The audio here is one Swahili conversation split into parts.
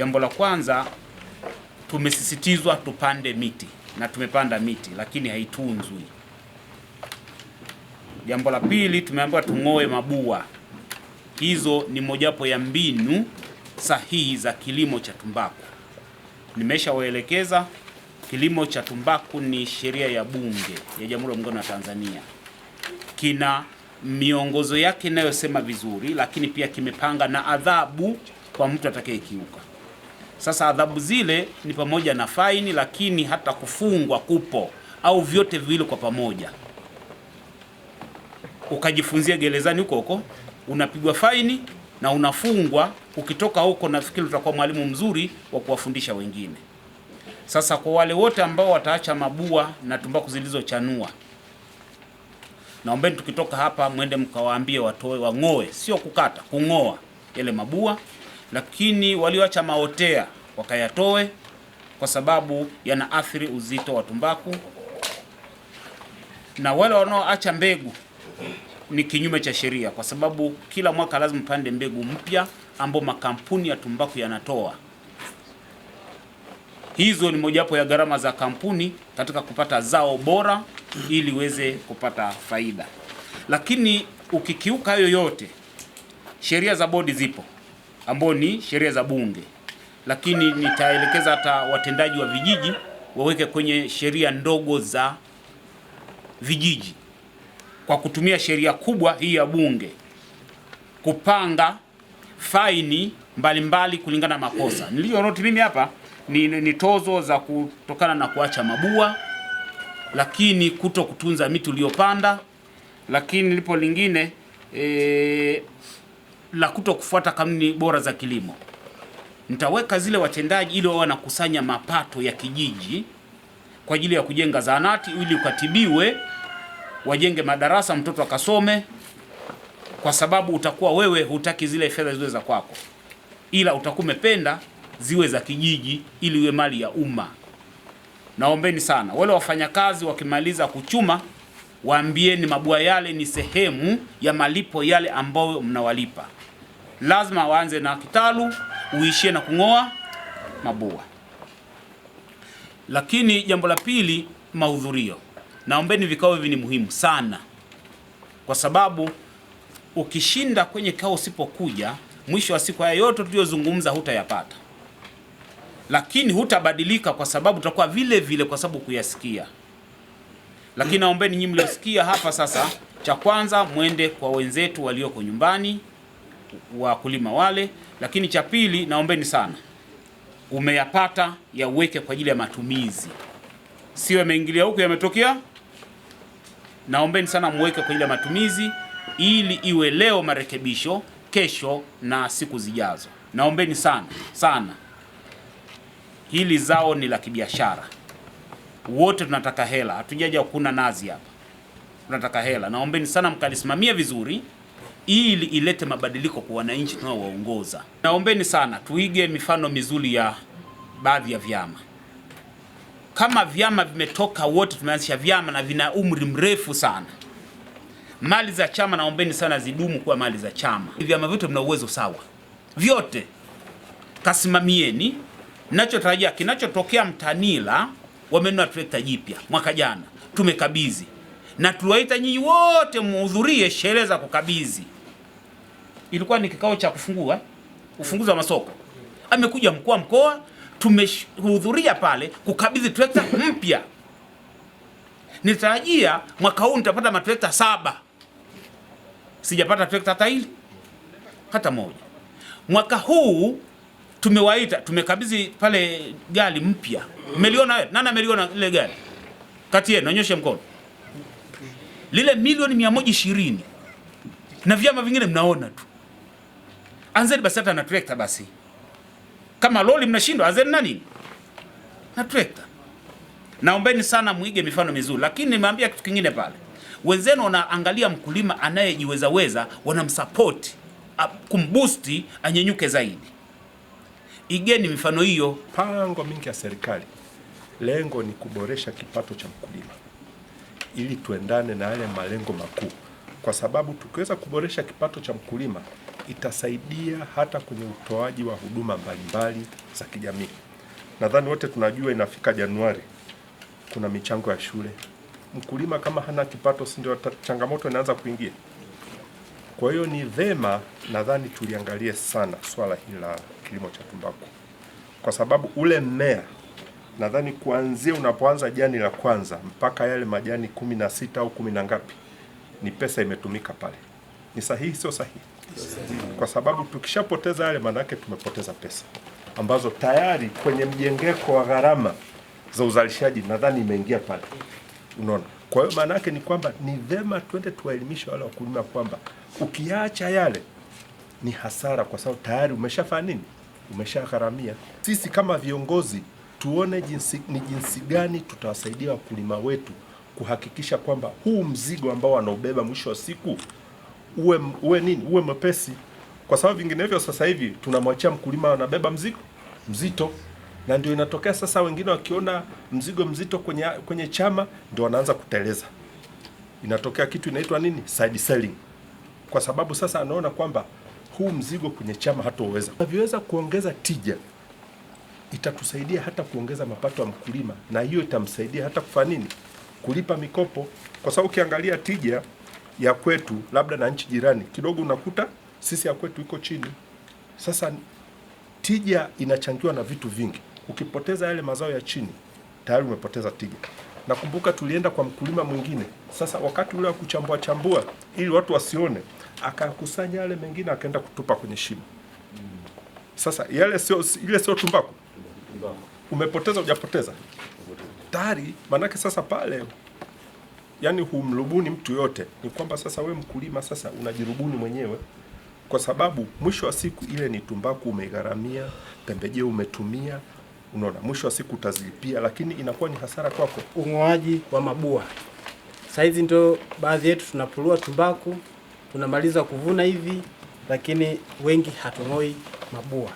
Jambo la kwanza tumesisitizwa tupande miti na tumepanda miti, lakini haitunzwi. Jambo la pili tumeambiwa tung'oe mabua. Hizo ni mojawapo ya mbinu sahihi za kilimo cha tumbaku. Nimeshawaelekeza kilimo cha tumbaku ni sheria ya Bunge ya Jamhuri ya Muungano wa Tanzania, kina miongozo yake inayosema vizuri, lakini pia kimepanga na adhabu kwa mtu atakayekiuka. Sasa adhabu zile ni pamoja na faini, lakini hata kufungwa kupo, au vyote viwili kwa pamoja. Ukajifunzia gerezani huko huko, unapigwa faini na unafungwa. Ukitoka huko, nafikiri utakuwa mwalimu mzuri wa kuwafundisha wengine. Sasa kwa wale wote ambao wataacha mabua na tumbaku zilizochanua, naombeni tukitoka hapa, mwende mkawaambie watoe, wang'oe, sio kukata, kung'oa yale mabua lakini walioacha maotea wakayatoe, kwa sababu yanaathiri uzito wa tumbaku, na wale wanaoacha mbegu ni kinyume cha sheria, kwa sababu kila mwaka lazima pande mbegu mpya ambao makampuni ya tumbaku yanatoa. Hizo ni mojawapo ya gharama za kampuni katika kupata zao bora ili uweze kupata faida. Lakini ukikiuka hayo yote, sheria za bodi zipo ambao ni sheria za bunge, lakini nitaelekeza hata watendaji wa vijiji waweke kwenye sheria ndogo za vijiji kwa kutumia sheria kubwa hii ya bunge kupanga faini mbalimbali mbali kulingana na makosa. Niliyonoti mimi hapa ni, ni tozo za kutokana na kuacha mabua, lakini kuto kutunza miti uliyopanda, lakini lipo lingine e, la kuto kufuata kanuni bora za kilimo, nitaweka zile watendaji ili wao wanakusanya mapato ya kijiji kwa ajili ya kujenga zahanati ili ukatibiwe, wajenge madarasa, mtoto akasome, kwa sababu utakuwa wewe hutaki zile fedha ziwe za kwako, ila utakuwa umependa ziwe za kijiji ili iwe mali ya umma. Naombeni sana wale wafanyakazi wakimaliza kuchuma, waambieni mabua yale ni sehemu ya malipo yale ambayo mnawalipa lazima waanze na kitalu uishie na kung'oa mabua. Lakini jambo la pili, mahudhurio. Naombeni vikao hivi ni muhimu sana, kwa sababu ukishinda kwenye kikao usipokuja, mwisho wa siku haya yote tuliyozungumza hutayapata, lakini hutabadilika, kwa sababu tutakuwa vile vile, kwa sababu kuyasikia. Lakini naombeni nyinyi mliosikia hapa sasa, cha kwanza mwende kwa wenzetu walioko nyumbani wakulima wale. Lakini cha pili, naombeni sana, umeyapata ya uweke kwa ajili ya matumizi, sio yameingilia huku yametokea. Naombeni sana muweke kwa ajili ya matumizi, ili iwe leo marekebisho, kesho na siku zijazo. Naombeni sana sana, hili zao ni la kibiashara, wote tunataka hela, hatujaja kuna nazi hapa, tunataka hela. Naombeni sana mkalisimamia vizuri ili ilete mabadiliko kwa wananchi tunaowaongoza. Naombeni sana tuige mifano mizuri ya baadhi ya vyama. Kama vyama vimetoka wote, tumeanzisha vyama na vina umri mrefu sana. Mali za chama, naombeni sana zidumu kuwa mali za chama. Vyama vyote vina uwezo sawa, vyote kasimamieni. Nachotarajia kinachotokea Mtanila, wamenunua trekta jipya mwaka jana, tumekabidhi na tuwaita nyinyi wote muhudhurie sherehe za kukabidhi ilikuwa ni kikao cha kufungua ufunguzi wa masoko. Amekuja mkuu wa mkoa, tumehudhuria pale kukabidhi trekta mpya. Nitarajia mwaka huu nitapata matrekta saba. Sijapata trekta hata hili hata moja. Mwaka huu tumewaita, tumekabidhi pale gari mpya. Umeliona wewe? Nani ameliona lile gari? Kati yenu nyoshe mkono. Lile milioni 120 na vyama vingine mnaona tu anzeni basi hata na trekta basi. Kama loli mnashindwa, anzeni nani Na trekta. Naombeni sana muige mifano mizuri, lakini nimeambia kitu kingine pale. Wenzenu wanaangalia mkulima anayejiwezaweza, wanamsupport kumbusti anyenyuke zaidi. Igeni mifano hiyo. Pango mingi ya serikali lengo ni kuboresha kipato cha mkulima ili tuendane na yale malengo makuu, kwa sababu tukiweza kuboresha kipato cha mkulima itasaidia hata kwenye utoaji wa huduma mbalimbali za kijamii. Nadhani wote tunajua inafika Januari, kuna michango ya shule. Mkulima kama hana kipato, si ndio changamoto inaanza kuingia? Kwa hiyo ni vema, nadhani tuliangalie sana swala hili la kilimo cha tumbaku, kwa sababu ule mmea nadhani kuanzia unapoanza jani la kwanza mpaka yale majani kumi na sita au kumi na ngapi, ni pesa imetumika pale. Ni sahihi, sio sahihi? kwa sababu tukishapoteza yale, maana yake tumepoteza pesa ambazo tayari kwenye mjengeko wa gharama za uzalishaji nadhani imeingia pale, unaona. Kwa hiyo maana yake ni kwamba ni vema twende tuwaelimisha wale wakulima kwamba ukiacha yale ni hasara, kwa sababu tayari umeshafanya nini, umeshagharamia. Sisi kama viongozi tuone jinsi, ni jinsi gani tutawasaidia wakulima wetu kuhakikisha kwamba huu mzigo ambao wanaobeba mwisho wa siku uwe, uwe nini uwe mwepesi, kwa sababu vinginevyo sasa hivi tunamwachia mkulima anabeba mzigo mzito, na ndio inatokea sasa, wengine wakiona mzigo mzito kwenye, kwenye chama ndio wanaanza kuteleza. Inatokea kitu inaitwa nini side selling, kwa sababu sasa anaona kwamba huu mzigo kwenye chama hatauweza. Tunavyoweza kuongeza tija itatusaidia hata kuongeza mapato ya mkulima, na hiyo itamsaidia hata kufanya nini, kulipa mikopo, kwa sababu ukiangalia tija ya kwetu labda na nchi jirani kidogo, unakuta sisi ya kwetu iko chini. Sasa tija inachangiwa na vitu vingi. Ukipoteza yale mazao ya chini, tayari umepoteza tija. Nakumbuka tulienda kwa mkulima mwingine, sasa wakati ule wa kuchambua chambua ili watu wasione, akakusanya yale mengine akaenda kutupa kwenye shimo. Sasa yale sio ile sio tumbaku, umepoteza hujapoteza tayari, maanake sasa pale yani humrubuni mtu yote, ni kwamba sasa we mkulima sasa unajirubuni mwenyewe, kwa sababu mwisho wa siku ile ni tumbaku umegharamia, pembejeo umetumia, unaona mwisho wa siku utazilipia, lakini inakuwa ni hasara kwako. Ung'oaji wa mabua sasa hizi ndio baadhi yetu tunapulua tumbaku, tunamaliza kuvuna hivi, lakini wengi hatung'oi mabua.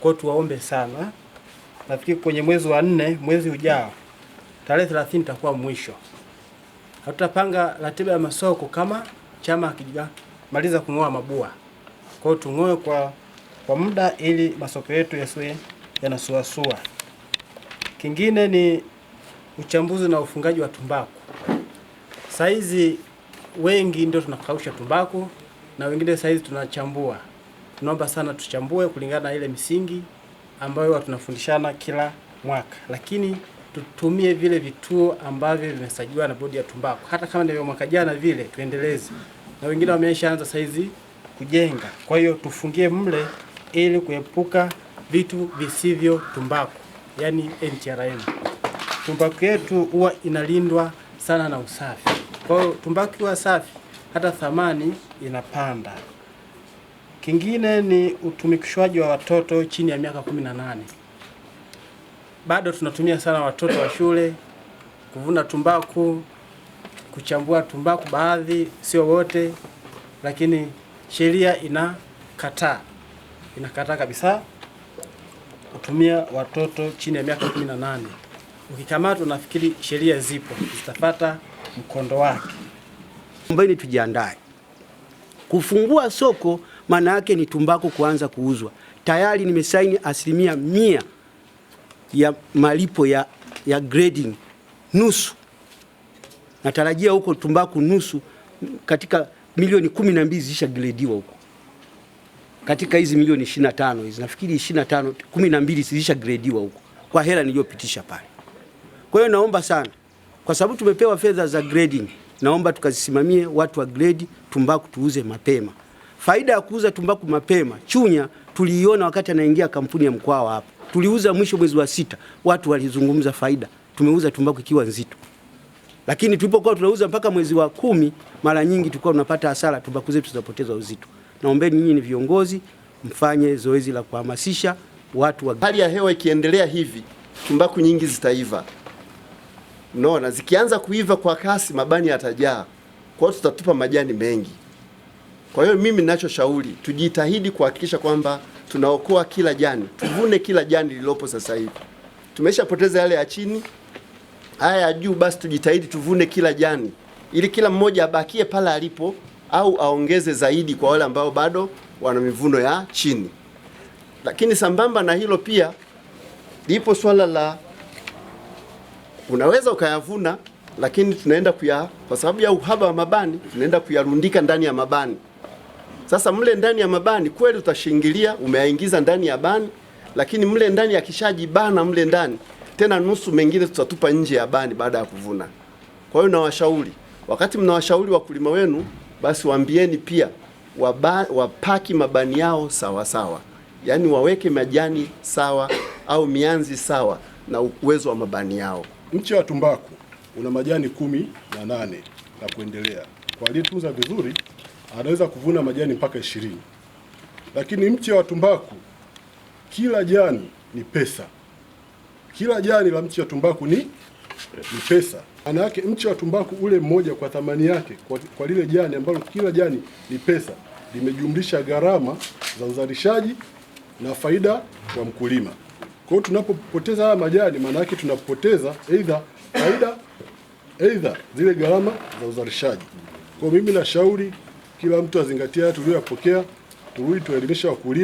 Kwa tuwaombe sana, nafikiri kwenye mwezi wa nne, mwezi ujao, tarehe 30 itakuwa mwisho hatutapanga ratiba ya masoko kama chama maliza kung'oa mabua. Kwa hiyo tung'oe kwa, kwa muda ili masoko yetu yasiwe yanasuasua. Kingine ni uchambuzi na ufungaji wa tumbaku. Saizi wengi ndio tunakausha tumbaku na wengine saizi tunachambua. Tunaomba sana tuchambue kulingana na ile misingi ambayo tunafundishana kila mwaka, lakini tutumie vile vituo ambavyo vimesajiliwa na bodi ya tumbaku, hata kama ndio mwaka jana vile tuendeleze, na wengine wameishaanza saizi kujenga. Kwa hiyo tufungie mle ili kuepuka vitu visivyo tumbaku, yani NTRM. Tumbaku yetu huwa inalindwa sana na usafi. Kwa hiyo tumbaku huwa safi, hata thamani inapanda. Kingine ni utumikishwaji wa watoto chini ya miaka 18 bado tunatumia sana watoto wa shule kuvuna tumbaku, kuchambua tumbaku, baadhi, sio wote, lakini sheria inakataa, inakataa kabisa kutumia watoto chini ya miaka 18. Ukikamatwa, nafikiri sheria zipo zitapata mkondo wake. Mbeni tujiandae kufungua soko, maana yake ni tumbaku kuanza kuuzwa. Tayari nimesaini asilimia mia ya malipo ya, ya grading nusu, natarajia huko tumbaku nusu katika milioni kumi na mbili zisha gradiwa huko katika hizi milioni 25 hizi nafikiri 25 12 zisha gradiwa huko kwa hela niliyopitisha pale. Kwa hiyo naomba sana, kwa sababu tumepewa fedha za grading, naomba tukazisimamie watu wa grade tumbaku tuuze mapema. Faida ya kuuza tumbaku mapema Chunya tuliiona wakati anaingia kampuni ya Mkwawa hapa. Tuliuza mwisho mwezi wa sita, watu walizungumza faida, tumeuza tumbaku ikiwa nzito. Lakini tulipokuwa tunauza mpaka mwezi wa kumi, mara nyingi tulikuwa tunapata hasara, tumbaku zetu zinapoteza uzito. Naombeni nyinyi ni viongozi, mfanye zoezi la kuhamasisha watu wa... hali ya hewa ikiendelea hivi, tumbaku nyingi zitaiva. Unaona, zikianza kuiva kwa kasi, mabani yatajaa, kwa hiyo tutatupa majani mengi. Kwa hiyo mimi ninachoshauri tujitahidi kuhakikisha kwamba tunaokoa kila jani, tuvune kila jani lililopo sasa hivi. Tumeshapoteza yale ya chini, haya ya juu, basi tujitahidi tuvune kila jani ili kila mmoja abakie pale alipo au aongeze zaidi kwa wale ambao bado wana mivuno ya chini. Lakini sambamba na hilo pia lipo swala la unaweza ukayavuna, lakini tunaenda kuya, kwa sababu ya uhaba wa mabani, tunaenda kuyarundika ndani ya mabani. Sasa mle ndani ya mabani kweli utashingilia, umeaingiza ndani ya bani, lakini mle ndani akishajibana mle ndani tena, nusu mengine tutatupa nje ya bani baada ya kuvuna. Kwa hiyo nawashauri, wakati mnawashauri wakulima wenu, basi waambieni pia waba, wapaki mabani yao sawa sawa, yaani waweke majani sawa au mianzi sawa na uwezo wa mabani yao. Mche wa tumbaku una majani kumi na nane na kuendelea, kwa aliyetunza vizuri anaweza kuvuna majani mpaka ishirini, lakini mche wa tumbaku kila jani ni pesa, kila jani la mche wa tumbaku ni, ni pesa. Maana yake mche wa tumbaku ule mmoja kwa thamani yake kwa, kwa lile jani ambalo kila jani ni pesa limejumlisha gharama za uzalishaji na faida kwa mkulima. Kwa hiyo tunapopoteza haya majani, maana yake tunapoteza aidha faida aidha zile gharama za uzalishaji. Kwa mimi nashauri kila mtu azingatia tulioyapokea, turudi tuwaelimisha wakulima.